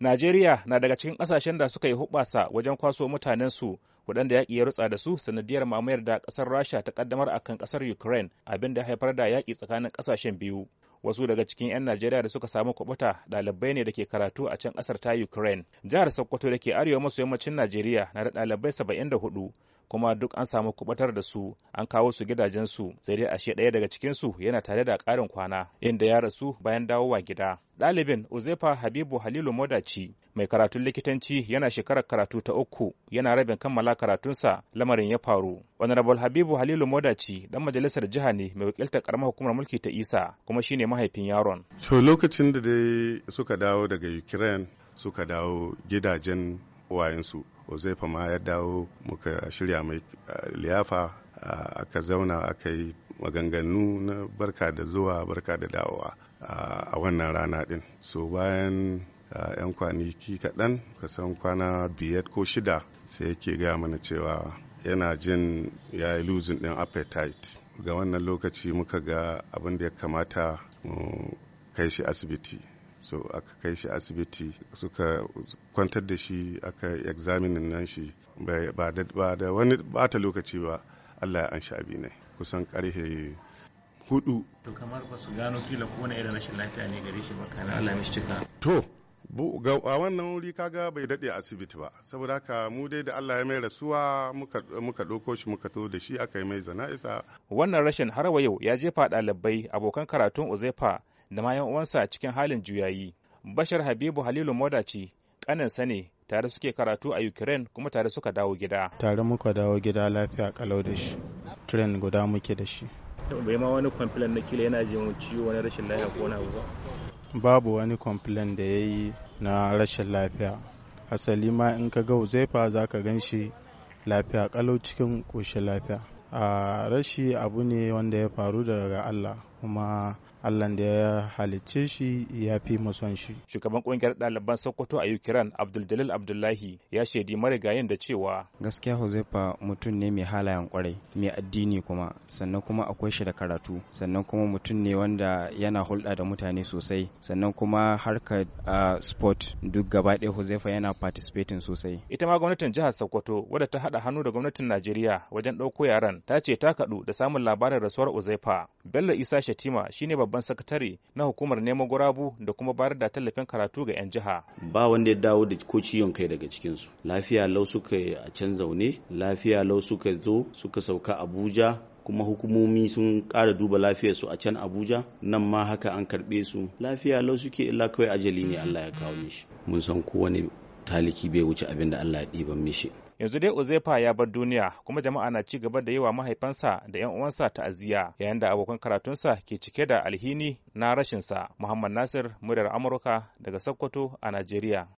Najeriya na daga cikin ƙasashen da suka yi hubasa wajen kwaso mutanen mutanensu waɗanda yaƙi ya rutsa da su sanadiyar mamayar da ƙasar Rasha ta ƙaddamar a kan ƙasar Ukraine abin da haifar da yaƙi tsakanin ƙasashen biyu. Wasu daga cikin 'yan Najeriya da suka samu kwabata ɗalibai ne da ke karatu a can ƙasar ta Ukraine. Jihar Sokoto da ke arewa maso yammacin Najeriya na da ɗalibai saba'in da hudu kuma duk an samu kubatar da su an kawo su gidajensu sai dai ashe ɗaya daga cikinsu yana tare da ƙarin kwana inda ya rasu bayan dawowa gida ɗalibin uzefa habibu halilu modaci mai karatun likitanci yana shekarar karatu ta uku yana rabin kammala karatunsa lamarin ya faru honorable habibu halilu modaci dan majalisar jiha ne mai wakiltar karamar hukumar mulki ta isa kuma shine mahaifin yaron so lokacin da dai suka dawo daga ukraine suka dawo gidajen wayansu fa ma ya dawo muka shirya mai liyafa aka zauna a kai maganganu na barka da zuwa barka da dawowa a wannan rana din so bayan yan kwanaki kaɗan kasan kwana biyar ko shida sai yake gaya mana cewa yana jin ya yi losing din appetite ga wannan lokaci muka ga abin da ya kamata mu kai shi asibiti so aka kai shi asibiti suka kwantar da shi aka examinin nan shi ba da wani bata lokaci ba allah ya an sha ne kusan karhe hudu to kamar ba su gano kila ko irin rashin lafiya ne gare shi ba kana allah mishi cika to a wannan wuri kaga bai daɗe asibiti ba saboda haka mu dai da Allah ya mai rasuwa muka ɗauko shi muka to da shi aka yi mai zana'isa wannan rashin har wa yau ya jefa ɗalibai abokan karatun Uzefa da ma yan uwansa cikin halin juyayi bashar habibu halilu modaci kaninsa ne tare suke karatu a ukraine kuma tare suka dawo gida tare muka dawo gida lafiya kalau da shi tren guda muke da shi bai ma wani complain na kila yana jin ciwo wani rashin lafiya ko wani ba babu wani complain da ya yi na rashin lafiya asali ma in ka ga uzaifa za ka gan shi lafiya kalau cikin ƙoshin lafiya a rashi abu ne wanda ya faru daga allah kuma Allah da ya halicce shi ya fi son shi. Shugaban kungiyar ɗaliban Sokoto a Ukraine Abdul Jalil Abdullahi ya shaidi marigayin da cewa gaskiya Huzaifa mutum ne mai halayen kwarai, mai addini kuma, sannan kuma akwai shi da karatu, sannan kuma mutum ne wanda yana hulɗa da mutane sosai, sannan kuma harkar uh, sport duk gaba ɗaya Huzaifa yana participating sosai. Ita ma gwamnatin jihar Sokoto wadda ta haɗa hannu da gwamnatin Najeriya wajen ɗauko yaran ta ce ta kaɗu da samun labarin rasuwar Huzaifa. Bello Isa Shatima shine babban sakatare na hukumar neman gurabu da kuma bayar da tallafin karatu ga 'yan jiha. Ba wanda ya dawo da ko ciyon kai daga cikinsu. Lafiya lau suka a can zaune, lafiya lau suka zo suka sauka Abuja kuma hukumomi sun ƙara duba lafiyarsu a can abuja nan ma haka an karɓe su lafiya lau suke illa kawai ajali ne allah ya kawo shi mun san kowane taliki bai wuce abin da Allah ya ɗiba mishi. yanzu dai Uzefa ya bar duniya kuma jama'a na ci gaba da yawa mahaifansa da 'yan uwansa ta'aziyya yayin da abokan karatunsa ke cike da alhini na rashinsa. Muhammad Nasir, muryar Amurka daga Sokoto a Najeriya.